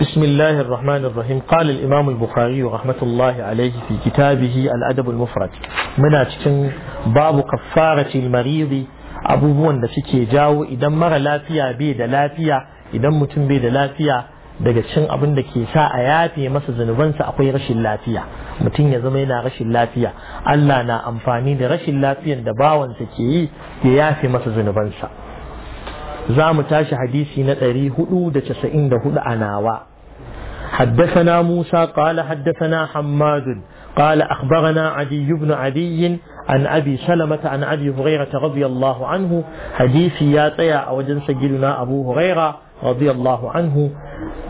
بسم الله الرحمن الرحيم قال الإمام البخاري رحمة الله عليه في كتابه الأدب المفرد من أتكن باب كفارة المريض abubuwan da suke jawo idan mara lafiya bai da lafiya idan mutum bai da lafiya daga cikin abin da ke sa a yafe masa zunubansa akwai rashin lafiya mutum ya zama yana rashin lafiya Allah na amfani da rashin lafiyan da bawansa ke yi ya yafe masa zunubansa za mu tashi hadisi na 494 a nawa حدثنا موسى قال حدثنا حماد قال أخبرنا عدي بن عدي عن أبي سلمة عن أبي هريرة رضي الله عنه حديث يا أو سجلنا أبو هريرة رضي الله عنه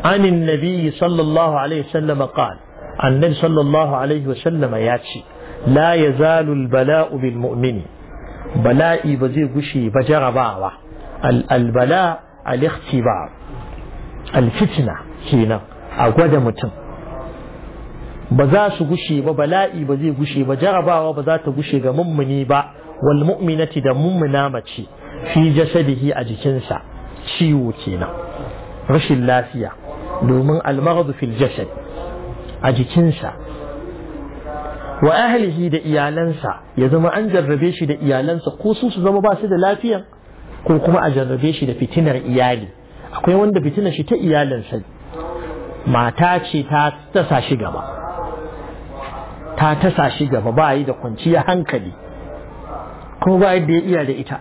عن النبي صلى الله عليه وسلم قال عن النبي صلى الله عليه وسلم ياتي لا يزال البلاء بالمؤمن بلاء بزي غشي بجرباوة البلاء الاختبار الفتنة هنا a gwada mutum ba za su gushe ba bala'i ba zai gushe ba jarabawa ba za ta gushe ga mummuni ba wal mu'minati da mummuna mace fi jasadihi a jikinsa ciwo kenan rashin lafiya domin almaradu fil jasad a jikinsa wa ahlihi da iyalansa ya zama an jarrabe shi da iyalansa ko su su zama ba su da lafiya ko kuma a jarrabe shi da fitinar iyali akwai wanda fitinar shi ta iyalansa mata ce ta tasa shi gaba ta tasa shi gaba ba yi da kwanciya hankali kuma ba yadda ya iya da ita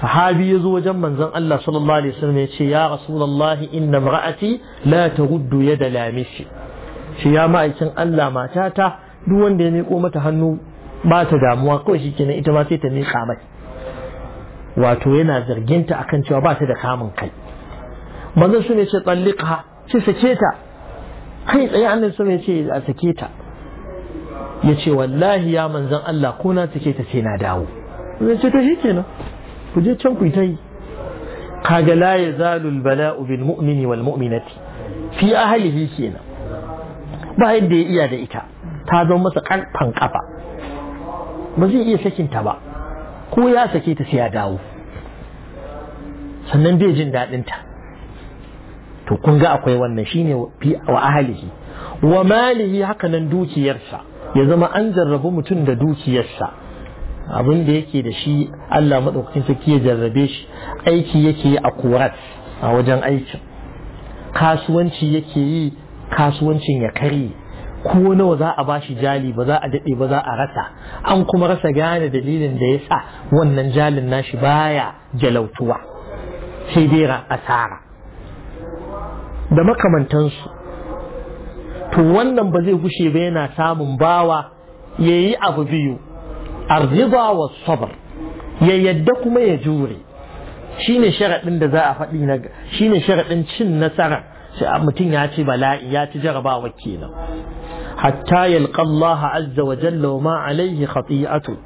sahabi ya zo wajen manzan Allah sallallahu alaihi wasallam ya ce ya rasulullahi inna imra'ati la ya da lamishi shi ya ma'aikin Allah mata ta duk wanda ya miƙo mata hannu ba ta damuwa kawai shi kenan ita ma sai ta miƙa mai wato yana zarginta akan cewa ba ta da kamun kai manzon su ne ce tsallika ce sake ta kai tsaye annabi nan ne ce a sake ta ya ce wallahi ya manzon Allah ko na sake ta sai na dawo ya ce to nan ku je can ku yi ta yi kaga la zalul albala'u bil mu'mini wal mu'minati fi ahlihi kenan ba yadda ya iya da ita ta zama masa kan kafa ba zai iya ta ba ko ya sake ta sai ya dawo sannan bai jin ta to kun ga akwai wannan shine fi wa ahlihi wa malihi haka nan dukiyarsa ya zama an jarrabu mutum da dukiyarsa abin da yake da shi Allah madaukakin sarki ya jarrabe shi aiki yake a kurat a wajen aikin kasuwanci yake yi kasuwancin ya karye ko nawa za a bashi jali ba za a daɗe ba za a rasa an kuma rasa gane dalilin da ya sa wannan jalin nashi baya jalautuwa sai dai asara da makamantansu to wannan ba zai gushe ba yana samun bawa ya yi abu biyu arziba wa sabar ya yadda kuma ya jure ne sharaɗin da za a faɗi na shine sharaɗin cin nasara mutum ya ci bala'i ya ci jarabawa kenan hatta yalqa Allah azza wa jalla wa ma alaihi khati'atu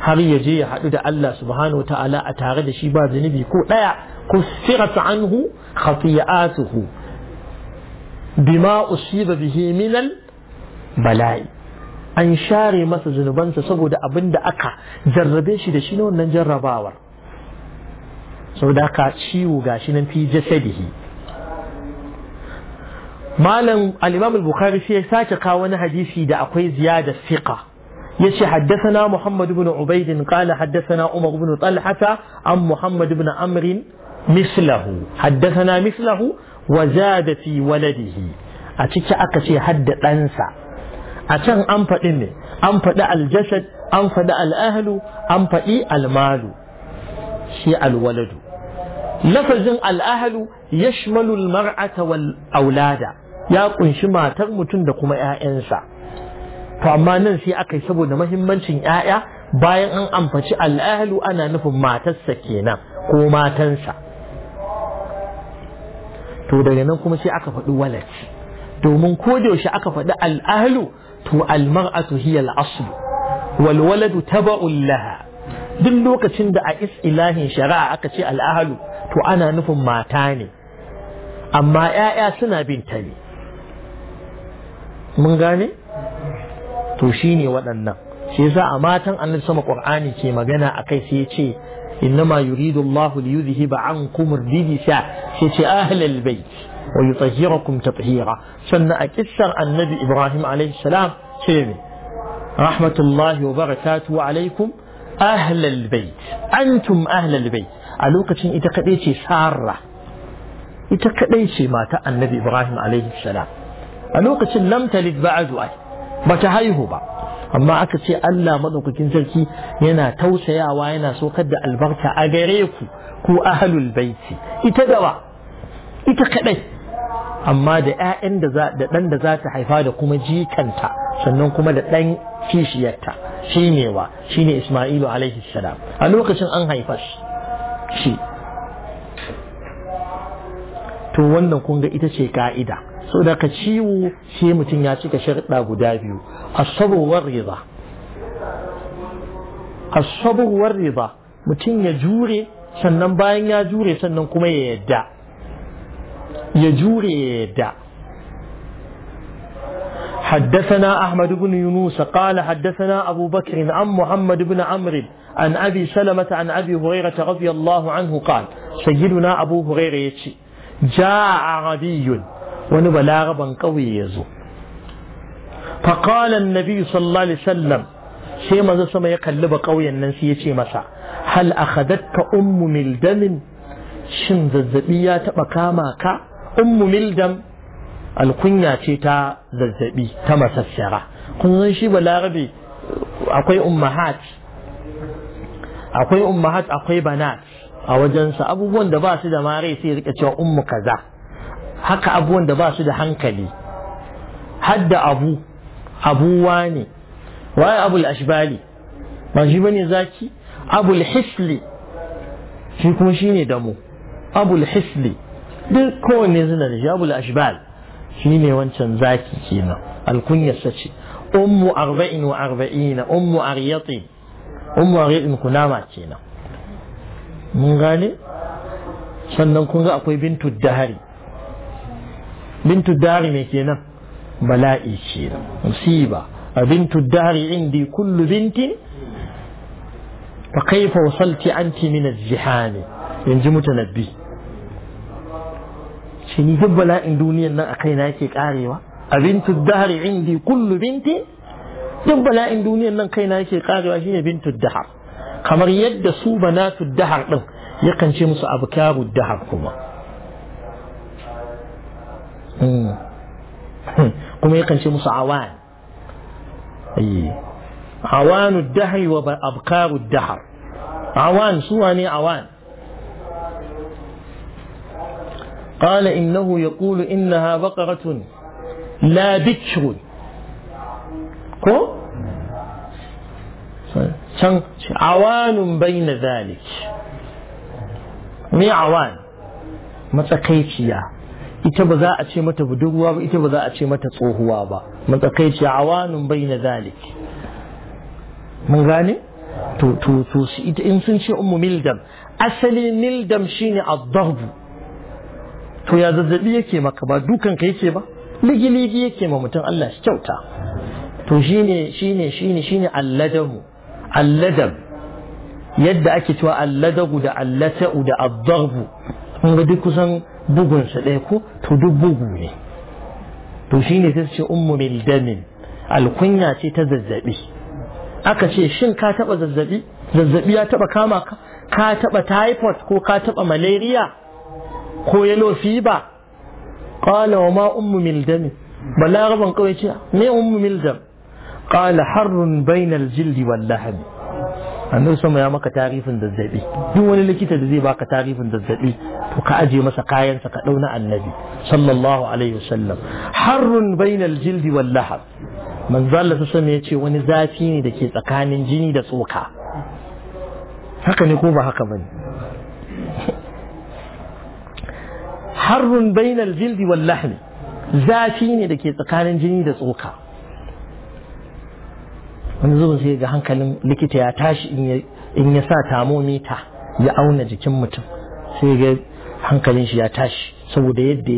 har ya je ya haɗu da Allah subhanahu wa ta'ala a tare da shi ba zunubi ko ɗaya كفرت عنه خطيئاته بما أصيب به من البلاء أن شاري مثل زنبان تصبو دا أبن دا أكا جربيش دا شنو ننجر باور سو دا أكا شيو غاشي ننتي جسده ما لن الإمام البخاري في ساكا قاونا حديثي دا أقوي زيادة ثقة يشي حدثنا محمد بن عبيد قال حدثنا عمر بن طلحة عن محمد بن عمرو مثله حدثنا مثله وزاد في ولده أتيك أكشي حد أنسى أتن أنفق إني أنفق الجسد أنفق الأهل faɗi المال شيء الولد لفظ الأهل يشمل المرأة والأولاد ya ƙunshi matar mutum da kuma 'ya'yansa to amma nan sai aka yi saboda mahimmancin 'ya'ya bayan an amfaci al'ahlu ana nufin matarsa kenan ko matansa to daga nan kuma sai aka faɗi walat domin ko da yaushe aka faɗi al'ahlu to almar'atu hiya al'aslu wal waladu taba'un laha duk lokacin da a ilahin shari'a aka ce al'ahlu to ana nufin mata ne amma 'ya'ya suna bin ta ne mun gane to shine waɗannan shi yasa a matan annabi sama qur'ani ke magana akai sai ya ce إنما يريد الله ليذهب عنكم الرجس شيء أهل البيت ويطهركم تطهيرا سنة أكثر النبي إبراهيم عليه السلام شيء رحمة الله وبركاته عليكم أهل البيت أنتم أهل البيت ألوكة إتقديتي سارة إتقديتي ما النبي إبراهيم عليه السلام ألوكة لم تلد بعد أي بتهيه بعد amma aka ce Allah maɗaukakin sarki yana tausayawa yana sokar da albarka a gare ku ku ahlul baiti ita gaba ita kadai amma da ƴaƴan da za da za ta haifa da kuma jikanta sannan kuma da ɗan kishiyarta shine wa shine Isma'ilu alaihi salam a lokacin an haifa shi to wannan kun ga ita ce ka'ida so daga ciwo sai mutum ya cika sharɗa guda biyu asabar war riba asabar war riba mutum ya jure sannan bayan ya jure sannan kuma ya yadda ya jure ya yadda حدثنا أحمد بن يونس قال حدثنا أبو بكر عن محمد بن عمرو عن أبي سلمة عن أبي هريرة رضي الله عنه قال سيدنا أبو هريرة يتشي جاء عربي wani balaraban ƙauye ya zo faƙalan nabi sallallahu alaihi wasallam sai maza sama ya kalli ba ƙauyen nan sai ya ce masa hal akhadatka ummu mildamin shin zazzabi ya taɓa kama ka ummu mildam alkunya ce ta zazzabi ta masassara kun san shi balarabe akwai ummahat akwai ummahat akwai banat a wajensa abubuwan da ba su da mare sai rika cewa ummu kaza haka abubuwan da ba su da hankali hadda abu abuwa ne waye abul ashbali ba shi bane zaki abul hisli shi kuma ne damu abul hisli duk kowanne zina da shi abul ashbal shi ne wancan zaki kenan alkunyarsa ce ummu arba'in wa arba'ina ummu aryatin ummu aryatin kunama kenan mun gane sannan kun ga akwai bintu dahari bintu dari mai kenan bala'i kenan musiba a bintu dari indi kullu bintin fa kaifa wasalti anti min az-zihani yanzu mutanabbi shi ni duk bala'in duniyan nan a na yake karewa abintu bintu dari indi kullu bintin duk bala'in duniyan nan kai na yake karewa shine bintu dahar kamar yadda su banatu dahar din yakan ce musu abu abkaru dahar kuma kuma yakan ce musu awan awanu dahri wa abkaru dahar awan suwa ne awan قال إنه يقول إنها بقرة لا بكر كو عوان بين ذلك مي عوان متكيكية ita ba za a ce mata budurwa ba ita ba za a ce mata tsohuwa ba matsakaici awanun bai na zalik mun gane to to to ita in sun ce ummu mildam asalin mildam shine ad to ya zazzabi yake maka ba dukan ka yake ba ligiligi yake ma mutum Allah shi kyauta to shine shine shine shine alladamu alladam yadda ake cewa alladagu da allata'u da Abarbu. Mun ga duk kusan bugunsa ɗaya ko to duk bugu ne to shine sai su ce ummu mildamin alkunya ce ta zazzabi aka ce shin ka taba zazzabi zazzabi ya taba kama ka ka taba typhoid ko ka taba malaria ko yellow fever qala wa ma ummu mildam balaraban kawai ce me ummu mildam qala harrun bainal jildi wal lahab annabi sama ya maka tarifin zazzabi duk wani likita da zai baka tarifin zazzabi to ka aje masa kayansa ka dauna annabi sallallahu alaihi wasallam harrun bainal jildi wal lahab manzo Allah sallallahu ya ce wani zafi ne da ke tsakanin jini da tsoka haka ne ko ba haka bane harrun bainal jildi wal lahab zafi ne da ke tsakanin jini da tsoka wani zuwa sai ga hankalin likita ya tashi in ya sa tamomita ya auna jikin mutum sai ga hankalin shi ya tashi saboda yadda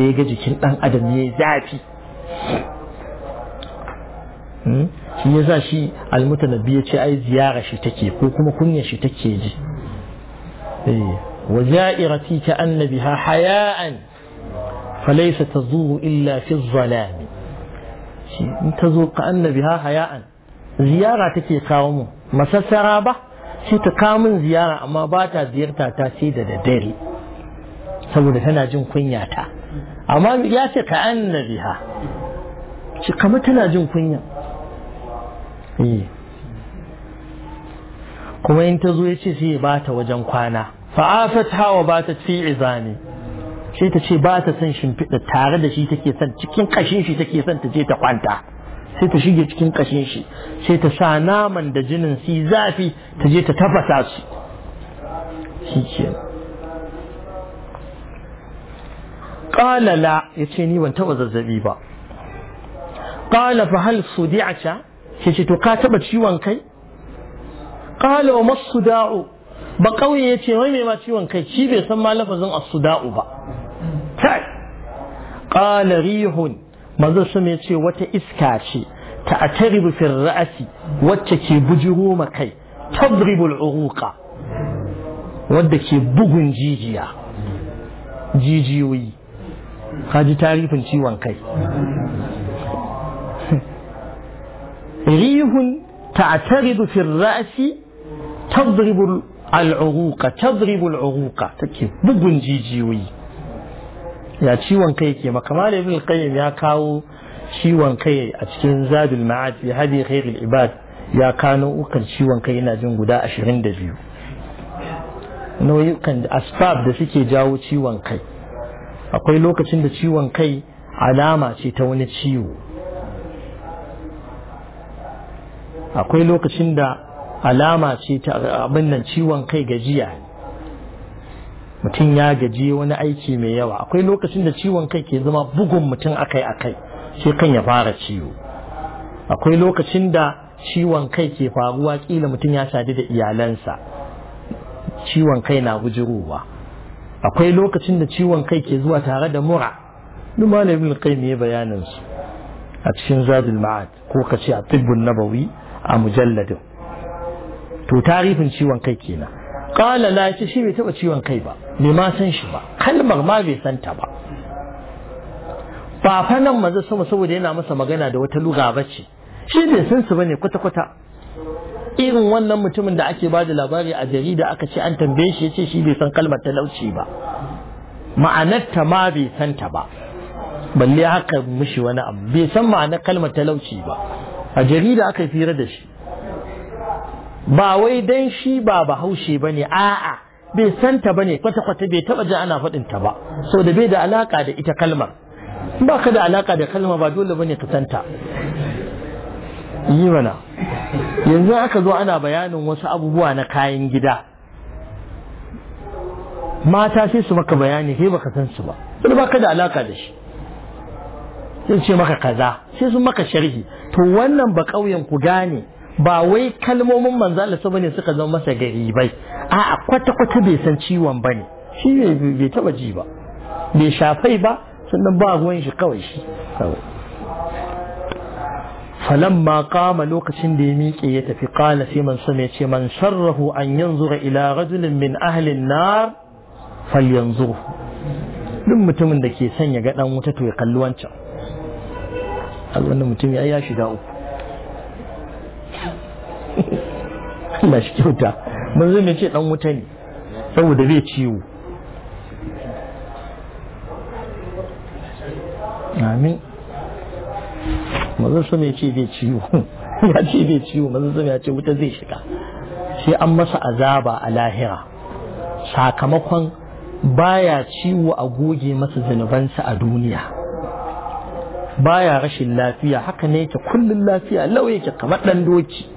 ya ga jikin dan adam ya zafi hmm? shi ya sa shi almutanabbi ya ce ai ziyara shi take ko kuma kunya shi take ji eh, wa za'irati ka annabiha haya'an ta tazuru illa fi zalami in ta zo ka annabiha haya'an ziyara take kawo mu masassara ba sai ta kamun ziyara amma ba ta ziyarta ta sai da daddare saboda tana jin kunya ta amma ya ce ka an na biha shi kama tana jin kunya eh. kuma in ta zo ya ce sai ya ba ta wajen kwana fa'afat hawa ba ta fi izani sai ta ce ba ta son shimfiɗa tare da shi take son cikin kashin shi take son ta je ta kwanta sai ta shige cikin kashin shi sai ta sa naman da jinin su zafi ta je ta tafasa su shi ƙalala ya ce ni ban taɓa zazzabi ba ƙala fa hal su di'ata ke ce to ka taɓa ciwon kai ƙala wa masu da'o ba ƙauye ya ce wai mai ma ciwon kai shi bai san ma lafazin asuda'u ba kai ƙala rihun manzo su ya ce wata iska ce ta atribu fil ra'si wacce ke bujiro makai tadribul uruqa wadda ke bugun jijiya jijiyoyi kaji tarifin ciwon kai rihun ta atribu fil ra'si tadribul العروق تضرب العروق تكي بقن جيجيوي ya ciwon kai ke makamar malam ibn qayyim ya kawo ciwon kai a cikin zadul ma'ad fi hadi khairul ibad ya kano ukan ciwon kai yana jin guda 22 nau'ukan asbab da suke jawo ciwon kai akwai lokacin da ciwon kai alama ce ta wani ciwo akwai lokacin da alama ce ta abin nan ciwon kai gajiya mutum ya gaji wani aiki mai yawa akwai lokacin da ciwon kai ke zama bugun mutum akai akai sai kan ya fara ciwo akwai lokacin da ciwon kai ke faruwa kila mutum ya sadu da iyalansa ciwon kai na bujirowa akwai lokacin da ciwon kai ke zuwa tare da mura duk malamin kai ne bayanin su a cikin zadul ma'ad ko ka a tibbun nabawi a mujalladin to tarihin ciwon kai kenan kala la ce shi bai taba ciwon kai ba bai ma san shi ba kalmar ma bai san ba fafa nan maza sama saboda yana masa magana da wata lura ba ce shi bai san su bane kwata kwata irin wannan mutumin da ake ba da labari a jarida aka ce an tambaye shi yace shi bai san kalmar talauci ba ma'anar ta ma bai san ta ba balle haka mushi wani abu bai san ma'anar kalmar talauci ba a jarida aka fira da shi ba wai dan shi ba bahaushe ba ne a'a bai santa ba ne kwata-kwata bai taba ji ana faɗin ta ba sau da bai da alaƙa da ita kalmar ba ka da alaƙa da kalmar ba dole ba ne ka santa yi mana yanzu aka zo ana bayanin wasu abubuwa na kayan gida mata sai su maka bayani sai baka san su ba sai ka da alaƙa da shi sai ce maka kaza sai sun maka sharhi to wannan ba ƙauyen ku gane ba wai kalmomin manzo Allah sa bane suka zama masa gari bai a kwata kwata bai san ciwon bane shi bai taba ji ba bai shafai ba sannan ba ruwan shi kawai shi miƙe ya tafi ديميك يتفي قال ce من سمعت an yanzu أن ila rajulin min من na fal yanzu. duk mutumin da ke sanya ga dan wuta to ya kalli wancan al'ummar mutum ya shiga uku Allah shi kyauta mun zai ce dan wuta ne saboda zai ciwo amin mazan sun ce zai ciwo ya ce zai ciwo mazan sun ya ce wuta zai shiga sai an masa azaba a lahira sakamakon baya ciwo a goge masa zanubansa a duniya baya rashin lafiya haka ne yake kullun lafiya lau yake kamar dan doki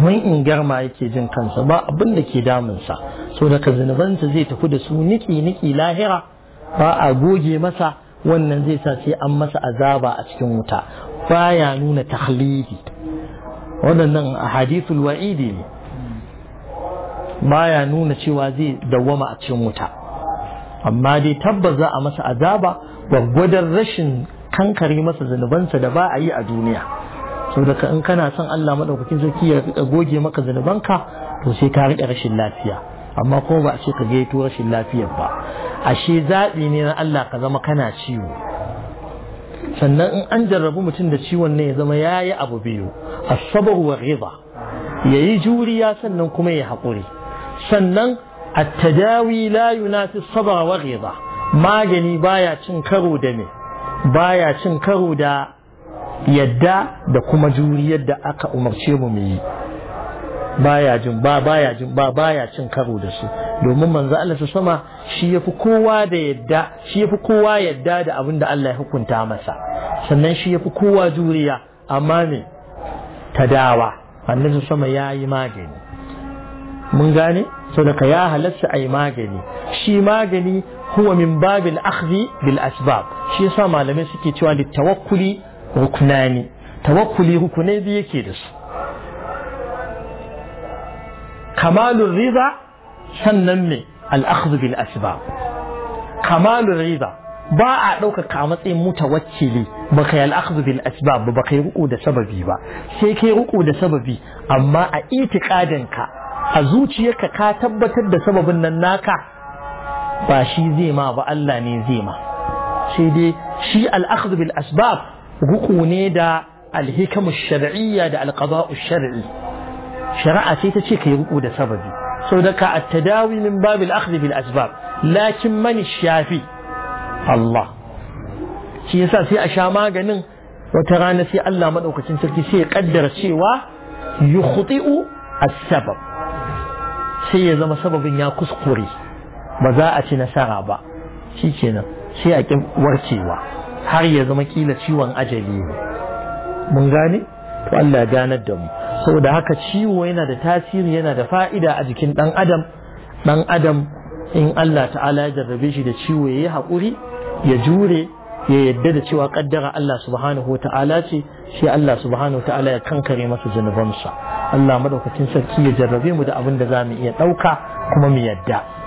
kamar in garma yake jin kansa ba abin da ke damunsa so daga zinubansa zai tafi da su niki niki lahira ba a goge masa wannan zai sa sai an masa azaba a cikin wuta baya nuna tahlili waɗannan hadithul wa'idi ne baya nuna cewa zai dawwama a cikin wuta amma dai tabbas za a masa azaba gwaggwadon rashin kankare masa zunubansa da ba a yi a duniya sau da in kana son Allah maɗaukakin sarki ya rika goge maka zanubanka to sai ka riƙe rashin lafiya amma ko ba a ce ka gaito rashin lafiyar ba ashe zaɓi ne na Allah ka zama kana ciwo sannan in an jarrabu mutum da ciwon ne ya zama ya yi abu biyu asabar wa riba ya yi juriya sannan kuma ya haƙuri sannan a attadawi la yunafi fi wa riba magani baya cin karo da me baya cin karo da yadda da kuma juriyar da aka umarce mu mu yi baya jin ba baya jin ba baya cin karo da su domin manzo Allah su sama shi yafi kowa da yadda shi yafi kowa yadda da abin da Allah ya hukunta masa sannan shi yafi kowa juriya amma dawa. tadawa annabi sama yayi magani mun gane saboda ya halatta ai magani shi magani huwa min babil akhdhi bil asbab shi yasa malamai suke cewa litawakkuli rukunani tawakkuli rukunai biyu yake da su kamalun riza sannan mai al'akhdhu bil asbab kamalun riba ba a ɗaukaka a matsayin mutawakkili ba kai al'akhdhu bil asba ba kai ruku da sababi ba sai kai ruku da sababi amma a itiqadin ka a zuciyarka ka tabbatar da sababin nan naka ba shi zai ma ba Allah ne zai ma sai dai shi al'akhdhu bil asbab hukune da alhikamu shar'iyya da alqada'u shar'i shari'a ce tace kai ruku da sababi saboda ka at-tadawi min bab al-akhdh bil asbab lakin man shafi Allah shi yasa sai a sha maganin wata rana sai Allah madaukakin sarki sai ya kaddara cewa yukhti'u as-sabab sai ya zama sababin ya kuskure ba za a ci nasara ba shikenan sai a kin warcewa har ya zama kila ciwon ajali ne mun gane to Allah ganar da mu saboda haka ciwo yana da tasiri yana da fa'ida a jikin dan adam dan adam in Allah ta'ala ya jarrabe shi da ciwo yayi hakuri ya jure ya yadda da cewa kaddara Allah subhanahu ta'ala ce shi Allah subhanahu ta'ala ya kankare masa zunubansa Allah madaukakin sarki ya jarrabe mu da abin da za mu iya ɗauka kuma mu yadda